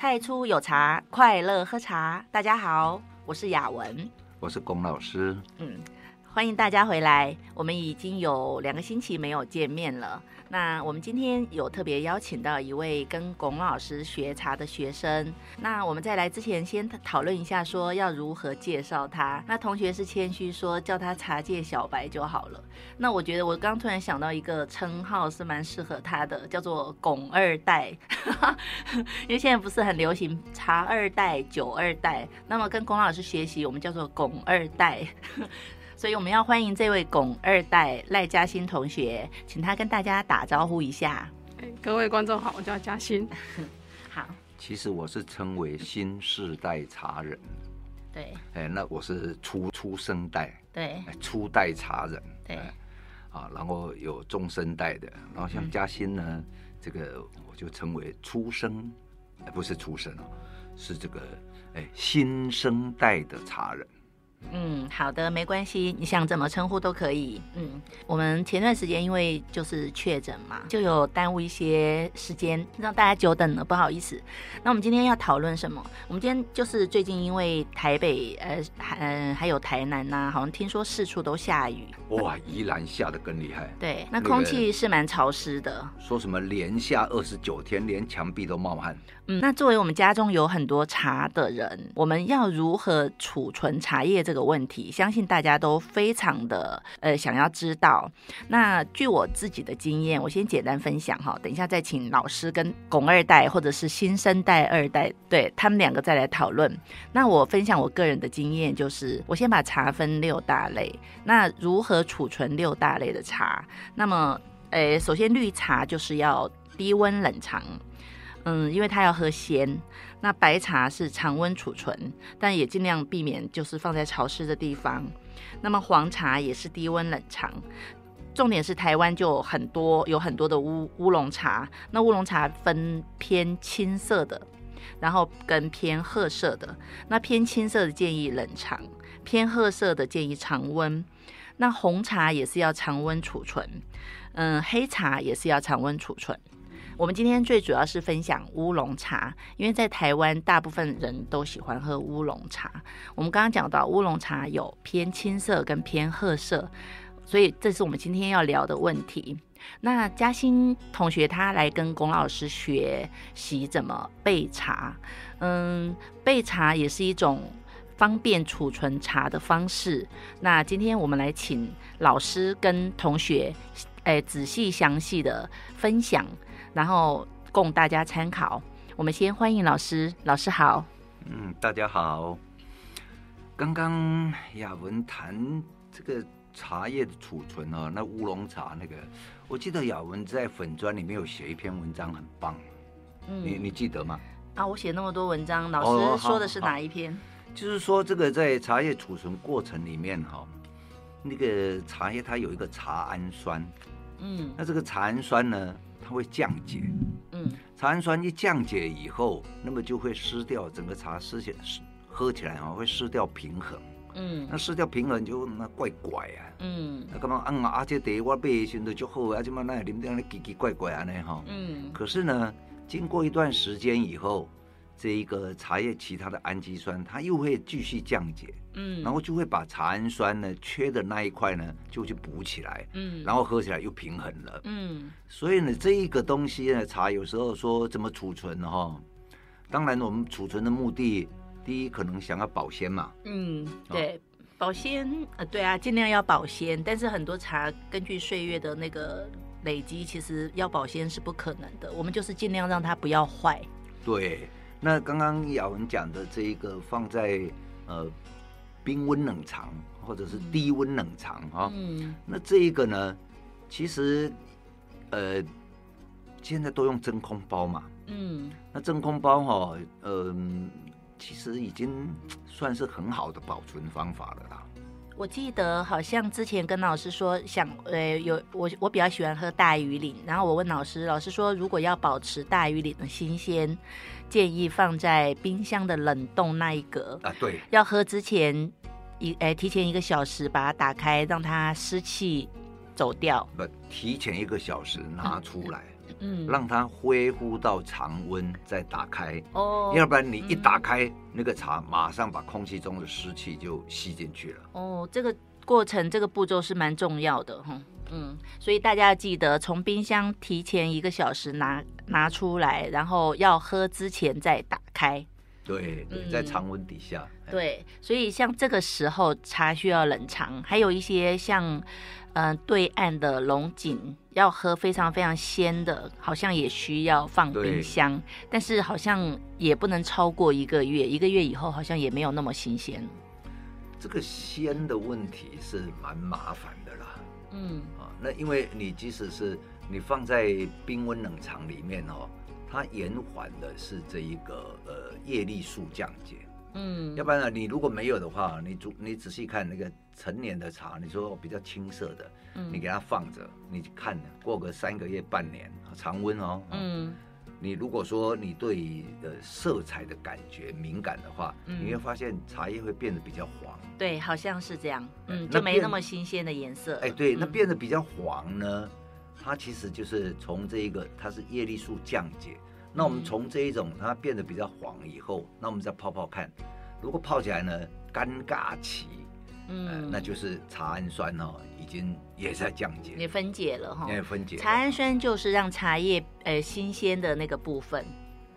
太初有茶，快樂喝茶。大家好，我是雅文，我是龔老師。嗯。歡迎大家回來，我們已經有兩個星期沒有見面了。那我們今天有特別邀請到一位跟龔老師學茶的學生。那我們在來之前先討論一下，說要如何介紹他。那同學是謙虛說叫他茶界小白就好了。那我覺得我剛突然想到一個稱號是蠻適合他的，叫做龔二代， 因為現在不是很流行茶二代、酒二代，那麼跟龔老師學習，我們叫做龔二代。 所以我們要歡迎這位龔二代賴嘉欣同學，請他跟大家打招呼一下。哎、各位觀眾好，我叫嘉欣。 好，其實我是稱為新世代茶人。 對。哎，那我是初初生代。對。初代茶人。對、哎啊。然後有中生代的，然後像嘉欣呢，嗯、這個我就稱為初生，不是初生、哦、是這個哎新生代的茶人。嗯，好的，沒關係，你想怎麼稱呼都可以。嗯，我們前段時間因為就是確診嘛，就有耽誤一些時間，讓大家久等了，不好意思。那我們今天要討論什麼？我們今天就是最近因為台北呃呃還有台南吶、啊，好像聽說四處都下雨，哇，宜蘭下得更厲害。對，那空氣是蠻潮濕的。說什麼連下二十九天，連牆壁都冒汗。嗯，那作為我們家中有很多茶的人，我們要如何儲存茶葉這個這個問題，相信大家都非常的呃想要知道。那據我自己的經驗，我先簡單分享哈、哦，等一下再請老師跟龔二代或者是新生代二代對他們兩個再來討論。那我分享我個人的經驗，就是我先把茶分六大類，那如何儲存六大類的茶？那麼，誒、呃，首先綠茶就是要低溫冷藏，嗯，因為它要喝鮮。那白茶是常溫儲存，但也儘量避免就是放在潮濕的地方。那麼黃茶也是低溫冷藏，重點是台灣就有很多有很多的烏烏龍茶。那烏龍茶分偏青色的，然後跟偏褐色的。那偏青色的建議冷藏，偏褐色的建議常溫。那紅茶也是要常溫儲存，嗯，黑茶也是要常溫儲存。我們今天最主要是分享烏龍茶，因為在台灣大部分人都喜歡喝烏龍茶。我們剛剛講到烏龍茶有偏青色跟偏褐色，所以這是我們今天要聊的問題。那嘉興同學他來跟龔老師學習怎麼備茶，嗯，備茶也是一種方便儲存茶的方式。那今天我們來請老師跟同學，誒、呃、仔細詳細的分享。然後供大家參考。我們先歡迎老師，老師好。嗯，大家好。剛剛雅文談這個茶葉的儲存啊、哦，那烏龍茶那個，我記得雅文在粉專裡面有寫一篇文章，很棒。嗯，你你記得嗎？啊，我寫那麼多文章，老師說的是哪一篇？哦、就是說，這個在茶葉儲存過程裡面哈、哦，那個茶葉它有一個茶氨酸。嗯，那這個茶氨酸呢？會降解，嗯，茶氨酸一降解以後，那麼就會失掉整個茶失些失，喝起來啊會失掉平衡，嗯，那失掉平衡就那怪怪啊，嗯，那幹嘛啊？而且台我背心都就好啊，阿姐媽那喝點那奇奇怪怪啊那哈，吼嗯，可是呢，經過一段時間以後。這一個茶葉，其他的氨基酸，它又會繼續降解，嗯，然後就會把茶氨酸呢缺的那一塊呢就去補起來，嗯，然後喝起來又平衡了，嗯，所以呢，這一個東西呢，茶有時候說怎麼儲存哈、哦，當然我們儲存的目的，第一可能想要保鮮嘛，嗯，對，哦、保鮮，呃，對啊，儘量要保鮮，但是很多茶根據歲月的那個累積，其實要保鮮是不可能的，我們就是儘量讓它不要壞，對。那剛剛雅文講的這一個放在呃冰溫冷藏或者是低溫冷藏啊、嗯哦，那這一個呢，其實呃現在都用真空包嘛，嗯，那真空包哈、哦，嗯、呃，其實已經算是很好的保存方法了啦。我記得好像之前跟老師說想，呃、欸，有我我比較喜歡喝大禹嶺，然後我問老師，老師說如果要保持大禹嶺的新鮮，建議放在冰箱的冷凍那一格啊，對，要喝之前一呃、欸、提前一個小時把它打開，讓它濕氣走掉，不提前一個小時拿出來。嗯嗯，讓它恢復到常溫再打開哦，要不然你一打開、嗯、那個茶，馬上把空氣中的濕氣就吸進去了哦。這個過程，這個步驟是蠻重要的。嗯，所以大家要記得從冰箱提前一個小時拿拿出來，然後要喝之前再打開。對，對，在常溫底下、嗯。對，所以像這個時候茶需要冷藏，還有一些像，嗯、呃，對岸的龍井要喝非常非常鮮的，好像也需要放冰箱，對但是好像也不能超過一個月，一個月以後好像也沒有那麼新鮮。這個鮮的問題是蠻麻煩的啦。嗯。啊、哦，那因為你即使是你放在冰溫冷藏裡面哦。它延緩的是這一個呃葉綠素降解，嗯，要不然呢，你如果沒有的話，你你仔細看那個成年的茶，你說比較青色的，嗯，你給它放着，你看過個三個月半年，常溫、喔、哦，嗯，你如果說你對色彩的感覺敏感的話，嗯、你會發現茶葉會變得比較黃，對，好像是這樣，嗯，嗯就沒那麼新鮮的顏色，哎、欸，對，嗯、那變得比較黃呢，它其實就是從這一個，它是葉綠素降解。那我們從這一種、嗯、它變得比較黃以後，那我們再泡泡看，如果泡起來呢，尷尬期，嗯、呃，那就是茶氨酸哦，已經也在降解，也分解了哈，也分解。分解茶氨酸就是讓茶葉呃新鮮的那個部分，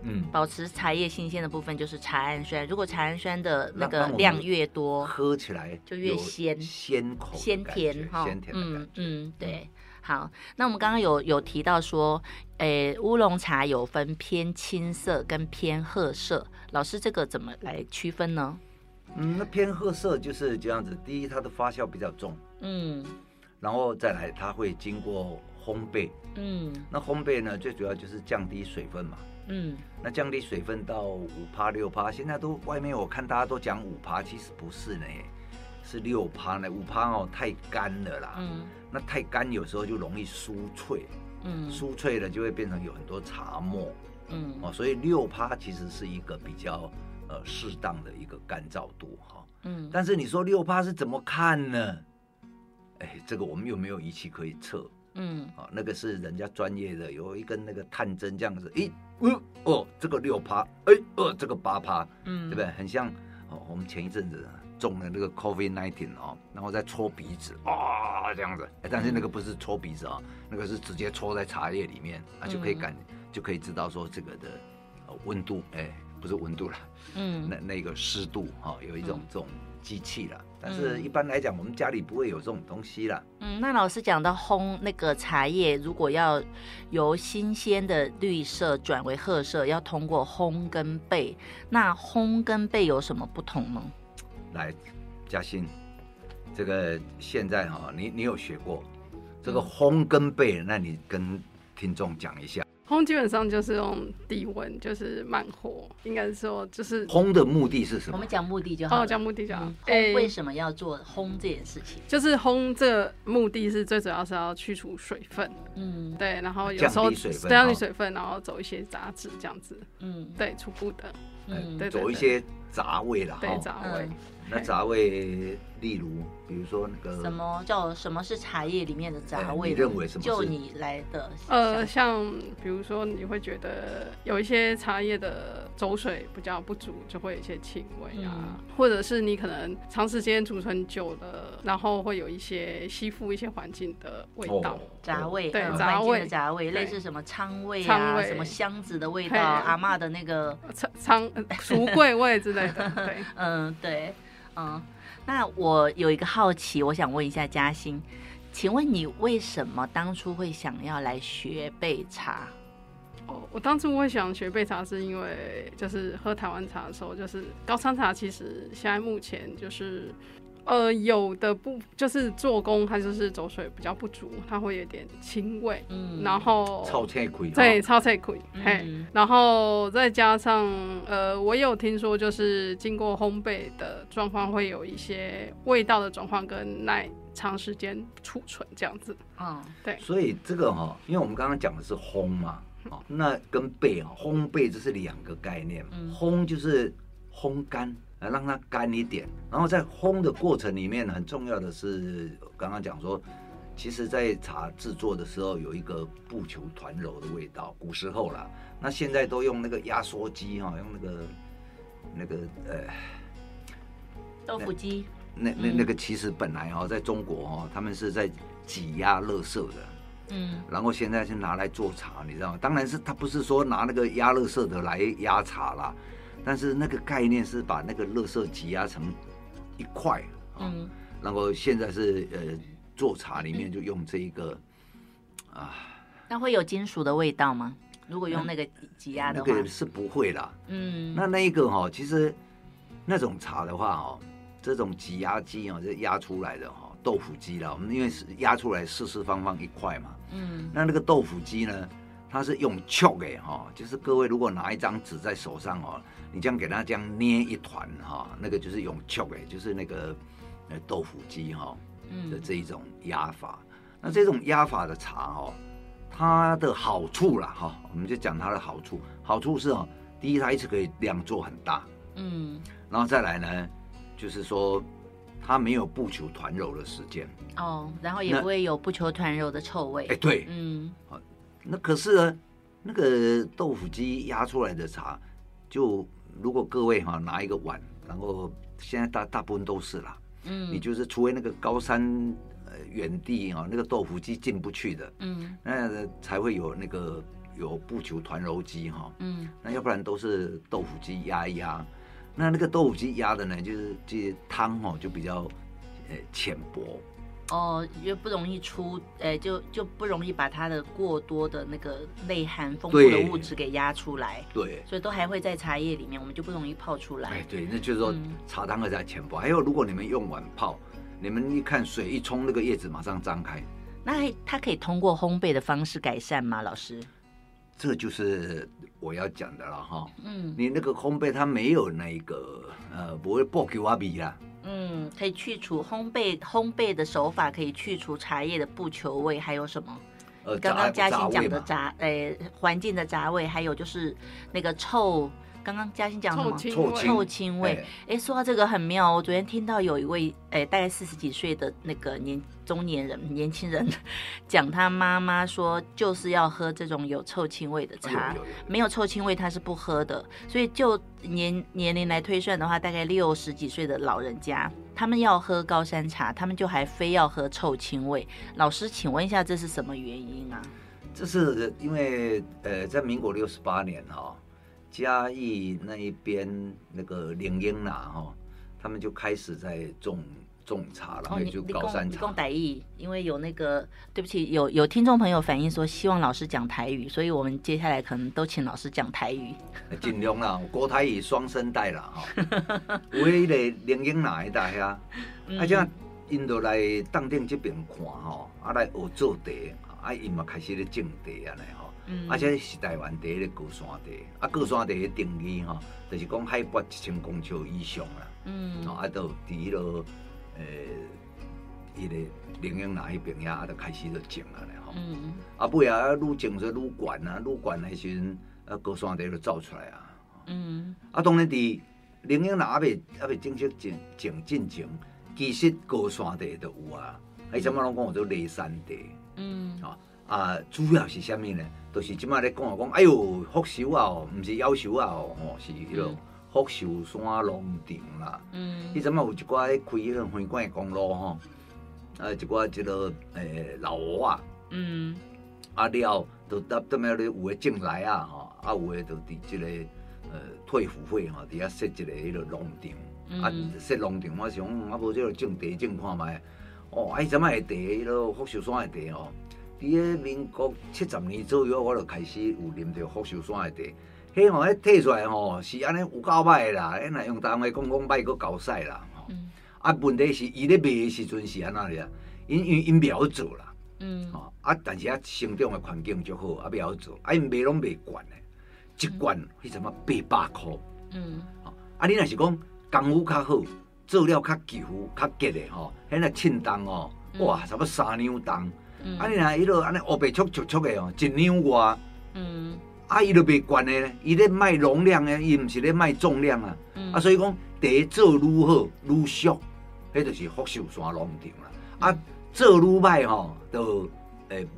嗯、保持茶葉新鮮的部分就是茶氨酸。如果茶氨酸的那個量越多，喝起來就越鮮鮮口的感鮮甜哈，嗯鮮甜的感覺嗯，嗯對。好，那我們剛剛有有提到說，誒、欸，烏龍茶有分偏青色跟偏褐色，老師這個怎麼來區分呢？嗯，那偏褐色就是這樣子，第一它的發酵比較重，嗯，然後再來它會經過烘焙，嗯，那烘焙呢最主要就是降低水分嘛，嗯，那降低水分到五趴六趴，現在都外面我看大家都講五趴，其實不是呢、欸。是六趴呢，五趴哦，太乾了啦，嗯，那太乾有時候就容易酥脆，嗯，酥脆了就會變成有很多茶沫，嗯，哦，所以六趴其實是一個比較呃、適當的一個乾燥度哈，哦、嗯，但是你說六趴是怎麼看呢？哎，這個我們又沒有儀器可以測，嗯、哦，那個是人家專業的，有一根那個探針這樣子，哎、欸呃，哦，這個六趴，哎、欸，哦、呃，這個八趴，嗯，對不對？很像哦，我們前一陣子。中的那個 COVID nineteen 哦，然後再搓鼻子，哦，這樣子。但是那個不是搓鼻子啊、哦，嗯、那個是直接搓在茶葉裡面，那就可以感，嗯、就可以知道說這個的溫度，哎、欸，不是溫度了，嗯，那那個濕度哈、哦，有一種這種機器了。嗯、但是一般來講，我們家裡不會有這種東西了。嗯。那老師講到烘那個茶葉，如果要由新鮮的綠色轉為褐色，要通過烘跟焙，那烘跟焙有什麼不同呢？來，嘉欣，這個現在哈、哦，你你有學過這個烘跟焙，那你跟聽眾講一下。烘基本上就是用低溫，就是慢火，應該是說，就是烘的目的是什麼？我們講目的就好。哦，講目的就好。哎、嗯，為什麼要做烘這件事情？欸、就是烘這目的是最主要是要去除水分，嗯，對，然後有降低水分。降低水分，水分哦、然後走一些雜質這樣子，嗯，對，初步的，嗯，對、對、對、對，走一些雜味了，對，雜味。嗯那雜味，例如，比如說那個什麼叫什麼是茶葉裡面的雜味？認為什麼？就你來的想想，呃，像比如說，你會覺得有一些茶葉的走水比較不足，就會有一些青味啊；嗯、或者是你可能長時間儲存久了，然後會有一些吸附一些環境的味道。哦雜味，環、嗯、味，的雜味，類似什麼倉味，啊，倉什麼箱子的味道，阿媽的那個倉倉櫥櫃味之類的。嗯，對，嗯。那我有一個好奇，我想問一下嘉欣，請問你為什麼當初會想要來學焙茶？哦，我當初我會想學焙茶，是因為就是喝台灣茶的時候，就是高山茶，其實現在目前就是。呃，有的不就是做工，它就是走水比較不足，它會有點青味，嗯，然後臭青龜，燒燒對，龜，哦、嘿，嗯、然後再加上呃，我有聽說就是經過烘焙的狀況，會有一些味道的轉換，跟耐長時間儲存這樣子。啊、嗯，對，所以這個哈、哦，因為我們剛剛講的是烘嘛，哦、那跟焙啊，烘焙，這是兩個概念，嗯、烘就是烘乾。讓它乾一點，然後在烘的過程裡面，很重要的是剛剛講說，其實，在茶製作的時候，有一個不求團揉的味道。古時候啦，那現在都用那個壓縮機哈、啊，用那個那個呃豆腐機。那那那個其實本來哈，在中國哈，他們是在擠壓垃圾的，嗯，然後現在是拿來做茶，你知道嗎？當然是他不是說拿那個壓垃圾的來壓茶啦。但是那個概念是把那個垃圾擠壓成一塊嗯、啊、然後現在是呃做茶裡面就用這一個啊，那會有金屬的味道嗎？如果用那個擠壓的話，那個是不會啦。嗯，那那一個哈、喔，其實那種茶的話哦、喔，這種擠壓機哦，是壓出來的哈、喔，豆腐機啦。我們因為是壓出來四四方方一塊嘛，嗯，那那個豆腐機呢？它是用撮哈，就是各位如果拿一張紙在手上哦，你這樣給它這樣捏一團哈，那個就是用撮，就是那個呃豆腐機哈的這一種壓法。那這種壓法的茶哦，它的好處啦哈，我們就講它的好處。好處是第一，它一次可以量做很大，嗯，然後再來呢，就是說它沒有不求團揉的時間哦，然後也不會有不求團揉的臭味。哎、欸、對，嗯。那可是呢，那個豆腐機壓出來的茶，就如果各位哈、啊、拿一個碗，然後現在大大部分都是啦，嗯，你就是除非那個高山呃遠地啊，那個豆腐機進不去的，嗯，那才會有那個有布球團揉機哈，嗯，那要不然都是豆腐機壓一壓，那那個豆腐機壓的呢，就是這些湯哈就比較呃淺薄。哦，又不容易出，欸、就就不容易把它的過多的那個內涵豐富的物質給壓出來。對，對所以都還會在茶葉裡面，我們就不容易泡出來。哎、欸，對，那就是說茶湯的在前淺、嗯、還有，如果你們用碗泡，你們一看水一沖，那個葉子馬上張開。那它可以通過烘焙的方式改善嗎，老師？這就是我要講的了哈。嗯，你那個烘焙它沒有那個，呃，不會爆給我比了、啊。嗯，可以去除烘焙、烘焙的手法可以去除茶葉的布球味，還有什麼？呃、剛剛嘉欣講的雜，誒、呃，環境的雜味，還有就是那個臭。剛剛嘉欣講什麼？臭臭青味。哎、欸，說到這個很妙、哦，我昨天聽到有一位，哎、欸，大概四十幾歲的那個年中年人、年輕人，講他媽媽說就是要喝這種有臭青味的茶，哎、有有有有沒有臭青味他是不喝的。所以就年年齡來推算的話，大概六十幾歲的老人家，他們要喝高山茶，他們就還非要喝臭青味。老師，請問一下，這是什麼原因啊？這是因為，呃，在民國六十八年哈、哦。嘉義那一邊那個鈴英拿、啊、哈，他們就開始在種種茶，然後就高山茶。你講台語。因為有那個對不起，有有聽眾朋友反映說希望老師講台語，所以我們接下來可能都請老師講台語。盡量啦，國台語雙聲帶了哈。我來鈴英拿一帶遐，啊，家引到來凍頂這邊看吼，啊來學做茶，啊，伊嘛開始咧種茶咧。而且、嗯啊、是台灣第一個高山地，啊，高山地的定義吼、喔，就是講海拔一千公尺以上、嗯、啊。嗯，啊，都佇個，呃、欸，迄個林英那迄邊亞，啊，就開始就種了咧吼。嗯，啊，不啊，越種越越高啊，越高那時陣啊，高山地就造出來啊。嗯，啊，當然佇林那，拿未、啊未正式種、種進程，其實高山地有、嗯、都有啊，還怎麼攏講我都雷山地？嗯，啊啊，主要是蝦米呢？就是即馬咧講啊，講哎喲，福壽啊，毋是夭壽啊，吼是迄落福壽山農場啦。嗯，伊即馬有一寡開迄種賓館公路吼，啊一寡即落誒老啊。嗯，啊了，就搭當面咧有誒種來啊，吼，啊有誒就佇即個誒退輔會吼，佇遐設一個迄落農場，啊設農場我想講啊無即落種地種看覓哦，啊迄陣馬誒地，迄落福壽山誒地哦。佇誒，民國七十年左右，我就開始有啉着福壽山誒茶。迄吼，迄、哦、摕出來吼、哦，是安尼有夠歹誒啦。迄若、嗯、用台灣話講，講歹個高山啦。吼、哦，嗯、啊，問題是伊咧賣誒時陣是安那啊？因因因袂曉做啦。嗯。吼，啊，但是啊，生長誒環境就好，啊袂曉做，啊，哎賣攏賣罐誒，一罐迄什、嗯、麼八百箍。嗯。吼、啊，啊，你若是講功夫較好，做了較久、較結誒吼，迄若稱重吼，哦嗯、哇，差不多三兩重。嗯、啊，你若，伊都安尼黑白撮撮撮的哦、喔，一兩外。嗯。啊就，伊都賣貴的，伊咧賣容量的，伊毋是咧賣重量啊。嗯、啊，所以講，第一做愈好愈俗，迄就是福壽山農場啦、嗯啊喔欸。啊，做愈歹吼，都誒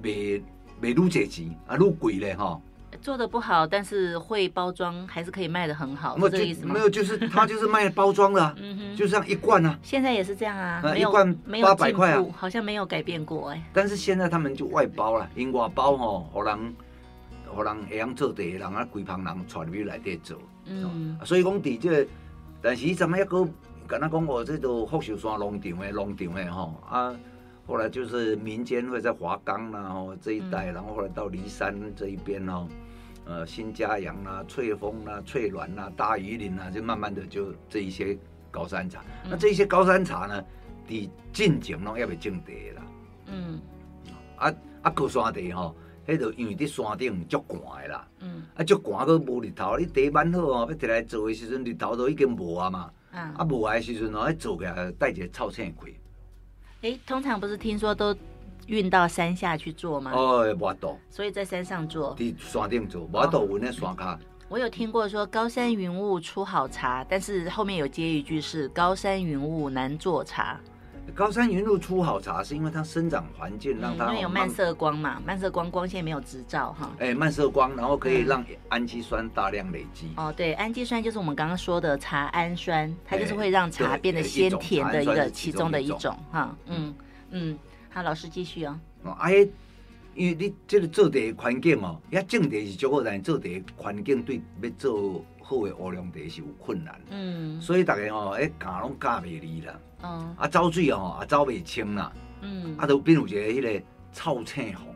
賣賣愈濟錢，啊愈貴咧吼。做得不好，但是會包裝還是可以賣得很好，是這意思嗎？沒有，就是他就是賣包裝的、啊，嗯哼，就這一罐啊。現在也是這樣啊，沒有啊一罐八百塊啊，好像沒有改變過哎。但是現在他們就外包了，因對外包哦、喔，可能可能一樣做，地人啊，鬼旁人傳入來地做，嗯，所以講在這個，但是以前一個敢那講哦，這種、個、福壽山農場的農場的哈、喔，啊，後來就是民間會在華岡呢，這一帶，嗯、然後後來到梨山這一邊哦、喔。呃，新佳陽啦、啊，翠峰啦、啊，翠巒啦、啊，大禹嶺啦、啊，就慢慢的就這一些高山茶。嗯、那這一些高山茶呢，地進前攏要袂種地啦。嗯。啊啊高山地吼、哦，迄個因為佇山頂足寒啦。嗯。啊足寒，佫無日頭，你茶蠻好哦。要摕來做的時候，日頭都已經無啊嘛。嗯、啊。啊無的時陣哦，要做起來帶一個臭青氣。誒、欸，通常不是聽說都？運到山下去做嗎？哦，莫多，所以在山上做。地山定做，莫多我在山卡、哦。我有聽過說，高山雲霧出好茶，但是後面有接一句是高山雲霧難做茶。高山雲霧出好茶，是因為它生長環境讓它慢、嗯、因為有漫射光嘛？漫射光光線沒有直照哈。哎、欸，漫射光，然後可以讓氨基酸大量累積。哦，對，氨基酸就是我們剛剛說的茶氨酸，它就是會讓茶變得鮮、欸、甜的一個其中的一種哈。嗯嗯。嗯嗯那老師繼續哦。哦，哎、啊，因為你這個做茶環境哦，也、啊、種茶是足夠，但做茶環境對要做好的烏龍茶是有困難。嗯，所以大家哦，哎、啊，田攏蓋袂離啦。嗯啊、哦，啊，走水哦，也走袂清啦。嗯，啊，都變有一個迄個臭青風。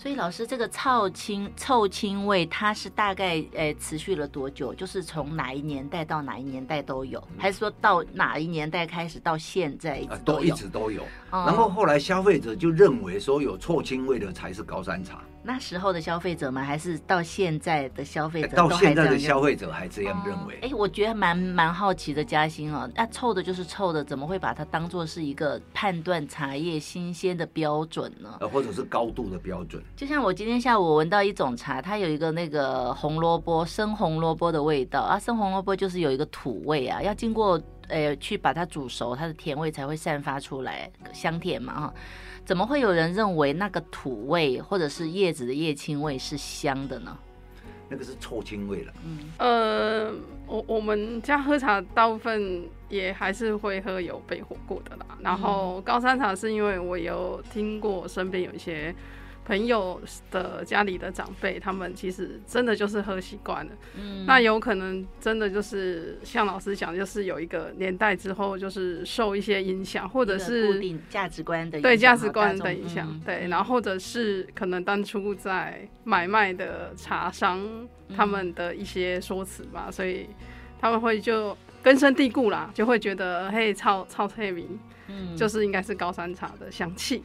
所以老師，這個臭青臭青味它是大概誒、欸、持續了多久？就是從哪一年代到哪一年代都有，嗯、還是說到哪一年代開始到現在一直都有，、啊、都一直都有？嗯、然後後來消費者就認為說有臭青味的才是高山茶。那時候的消費者嗎？還是到現在的消費者？到現在的消費者還這樣認為？哎、嗯欸，我覺得蠻蠻好奇的、喔，嘉興哦，那臭的就是臭的，怎麼會把它當做是一個判斷茶葉新鮮的標準呢？或者是高度的標準？就像我今天下午我聞到一種茶，它有一個那個紅蘿蔔生紅蘿蔔的味道啊，生紅蘿蔔就是有一個土味啊，要經過。呃、哎，去把它煮熟，它的甜味才會散發出來，香甜嘛哈。怎麼會有人認為那個土味或者是葉子的葉青味是香的呢？那個是臭青味了。嗯，呃，我我們家喝茶大部分也還是會喝有焙火過的啦。然後高山茶是因為我有聽過身邊有一些。朋友的家裡的長輩，他們其實真的就是喝習慣了，嗯，那有可能真的就是像老師講，就是有一個年代之後，就是受一些影響，或者是固定價值觀的對價值觀的影響，對，影嗯、對，然後或者是可能當初在買賣的茶商他們的一些說辭吧，嗯、所以他們會就根深蒂固啦，就會覺得嘿，超超翠明，嗯、就是應該是高山茶的香氣。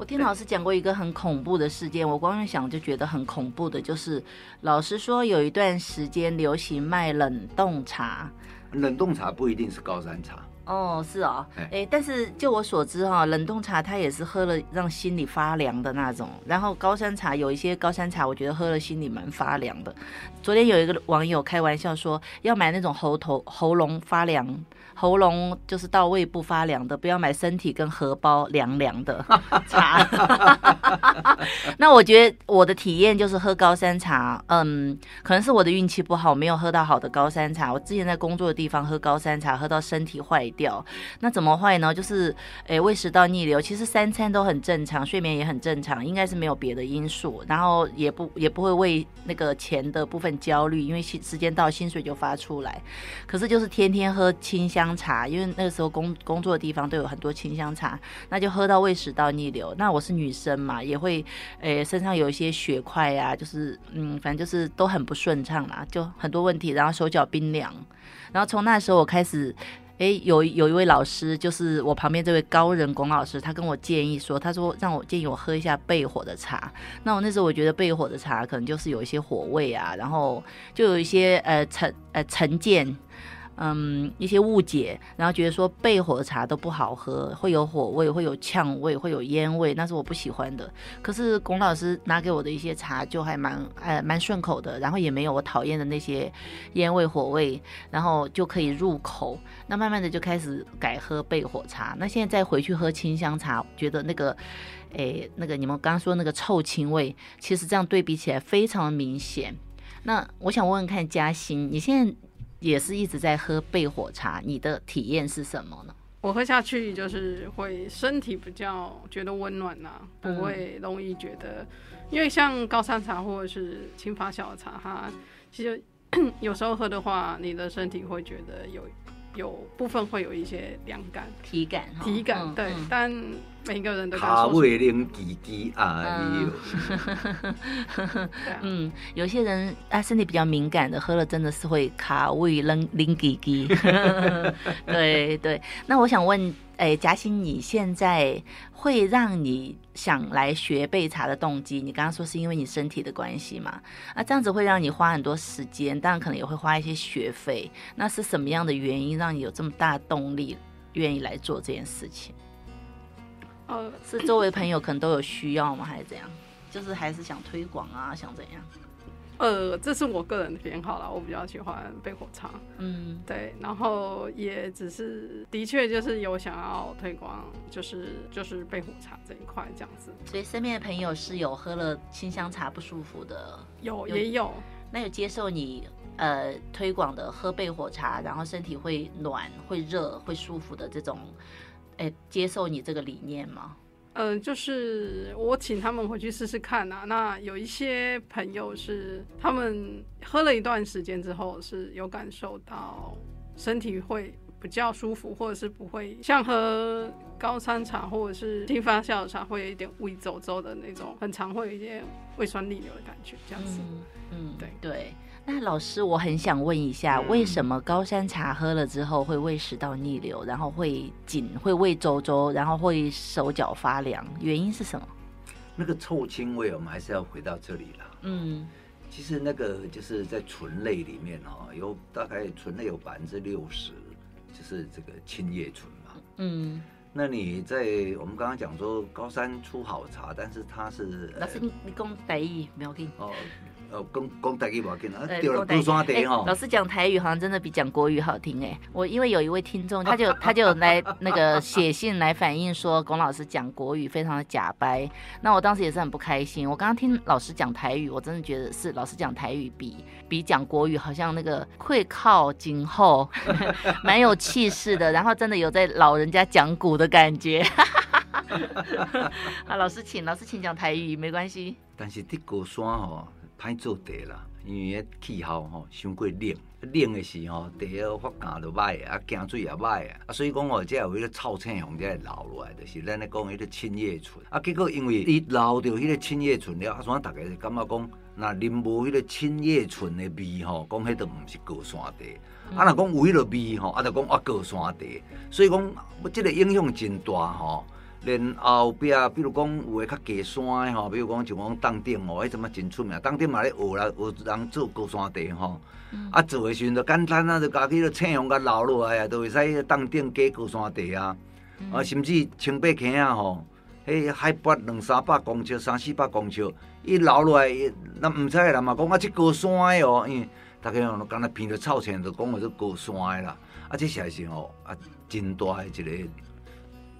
我聽老師講過一個很恐怖的事件，我光想就覺得很恐怖的，就是老師說有一段時間流行賣冷凍茶，冷凍茶不一定是高山茶。哦，是哦。哎，但是就我所知哈、哦，冷凍茶它也是喝了讓心裡發涼的那種，然後高山茶有一些高山茶，我覺得喝了心裡蠻發涼的。昨天有一個網友開玩笑說，要買那種喉頭喉嚨發涼，喉嚨就是到胃部發涼的，不要買身體跟荷包涼涼的茶。 那我覺得我的體驗就是喝高山茶，嗯，可能是我的運氣不好，沒有喝到好的高山茶。我之前在工作的地方喝高山茶，喝到身體壞掉，那怎麼壞呢？就是，誒、欸，胃食道逆流。其實三餐都很正常，睡眠也很正常，應該是沒有別的因素。然後也不也不會為那個錢的部分焦慮，因為時間到薪水就發出來。可是就是天天喝清香茶，因為那個時候工工作的地方都有很多清香茶，那就喝到胃食道逆流。那我是女生嘛，也會，誒、欸，身上有一些血塊啊，就是，嗯，反正就是都很不順暢啦，就很多問題，然後手腳冰涼。然後從那時候我開始。哎，有有一位老師，就是我旁邊這位高人龔老師，他跟我建議說，他說讓我建議我喝一下焙火的茶。那我那時候我覺得焙火的茶可能就是有一些火味啊，然後就有一些呃沉，呃沉澱。嗯，一些誤解，然後覺得說焙火茶都不好喝，會有火味，會有嗆味，會有煙味，會有煙味，那是我不喜歡的。可是龔老師拿給我的一些茶就還蠻，哎、呃，蠻順口的，然後也沒有我討厭的那些煙味、火味，然後就可以入口。那慢慢的就開始改喝焙火茶。那現在再回去喝清香茶，覺得那個，誒、哎，那個你們剛剛說那個臭青味，其實這樣對比起來非常明顯。那我想問問看嘉欣，你現在？也是一直在喝焙火茶，你的體驗是什麼呢？我喝下去就是會身體比較覺得溫暖吶、啊，嗯、不會容易覺得，因為像高山茶或者是輕發酵茶，哈，其實有時候喝的話，你的身體會覺得有有部分會有一些涼感、體感、哦、體感，嗯、對，嗯、但。每個人都卡位零幾幾啊！嗯，有些人啊身體比較敏感的，喝了真的是會卡位零零幾幾。對對。那我想問，哎、欸，賈欣，你現在會讓你想來學焙茶的動機？你剛剛說是因為你身體的關係嘛？啊，這樣子會讓你花很多時間，當然可能也會花一些學費。那是什麼樣的原因讓你有這麼大動力，願意來做這件事情？呃、是周圍朋友可能都有需要嗎？還是怎樣？就是還是想推廣啊，想怎樣？呃，這是我個人的偏好啦，我比較喜歡焙火茶。嗯，對，然後，也只是的確就是有想要推廣，就是就是焙火茶這一塊這樣子。所以身邊的朋友是有喝了清香茶不舒服的，有，有也有。那有接受你呃推廣的喝焙火茶，然後身體會暖、會熱、會舒服的這種。哎，接受你這個理念嗎？嗯、呃，就是我請他們回去試試看啊。那有一些朋友是他們喝了一段時間之後是有感受到身體會比較舒服，或者是不會像喝高山茶或者是新發酵的茶會有一點胃走走的那種，很常會有一點胃酸逆流的感覺，這樣子。嗯，對、嗯、對。對那老師，我很想問一下，為什麼高山茶喝了之後會胃食道逆流，嗯、然後會緊，會胃周周，然後會手腳發涼？原因是什麼？那個臭青味，我們還是要回到這裡了。嗯，其實那個就是在醇類裡面哦，有大概醇類有百分之六十，就是這個青葉醇嘛。嗯，那你在我們剛剛講說高山出好茶，但是它是、呃、老師，你你講得意沒有聽哦。老師講台語好像真的比講國語好聽誒、欸。我因為有一位聽眾，他就他就來那個寫信來反映說，龔老師講國語非常的假掰。那我當時也是很不開心。我剛剛聽老師講台語，我真的覺得是老師講台語比比講國語好像那個會靠頸後，蠻 有氣勢的。然後真的有在老人家講古的感覺。 老師請老師請講台語沒關係。但是太做茶啦，因為迄氣候吼傷過冷，冷誒時吼茶葉發硬著歹啊，驚水也歹啊，所以講哦、喔，即有迄個臭青蟲在流落來，著、就是咱咧講迄個青葉醇啊。結果因為伊留着迄個青葉醇了，啊所以大家就感覺講，若啉無迄個青葉醇誒味吼，講迄個毋是高山茶、嗯啊。啊，若講有迄個味吼，啊著講啊高山茶。所以講，即個影響真大吼、喔。然後壁，如比如講有誒較低山的吼，比如講像講凍頂吼，迄陣嘛真出名。凍頂嘛咧學啦，有人做高山茶吼。喔嗯、啊做誒時陣，著簡單就就啊，著家己著傾向甲留落來啊，著會使凍頂加高山茶啊。啊，甚至清白坑啊吼，迄、喔、海拔兩三百公尺、三四百公尺，伊留落來，那毋知誒人嘛講啊，即高山的哦、喔，因為大家哦，干那偏着臭錢，著講話即高山的啦。啊，即個是吼、喔，啊，真大誒一個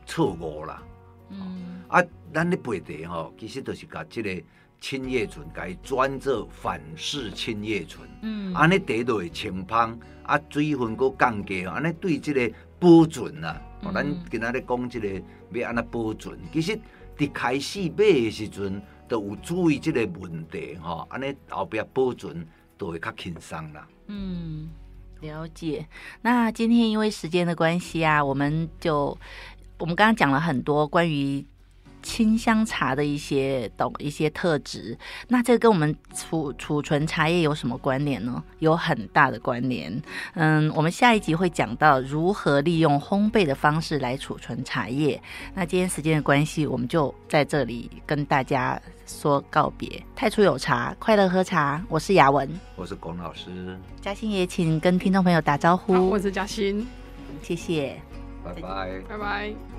錯誤啦。嗯、啊，咱咧背地吼、哦，其實都是搞這個青葉醇，改專做反式青葉醇。嗯，安尼袋到會清芳啊水分佫降低，安尼對即個保存啊，哦、嗯，咱今仔日講即個要安怎保存，其實佇開始買的時陣都有注意即個問題，吼、哦，安尼後邊保存都會較輕鬆啦。嗯，了解。那今天因為時間的關係啊，我們就。我們剛剛講了很多關於清香茶的一些懂一些特質，那這跟我們儲儲存茶葉有什麼關聯呢？有很大的關聯。嗯，我們下一集會講到如何利用烘焙的方式來儲存茶葉。那今天時間的關係，我們就在這裡跟大家說告別。太初有茶，快樂喝茶，我是雅文，我是龔老師，嘉欣也請跟聽眾朋友打招呼。我是嘉欣，謝謝，拜拜 bye，拜拜。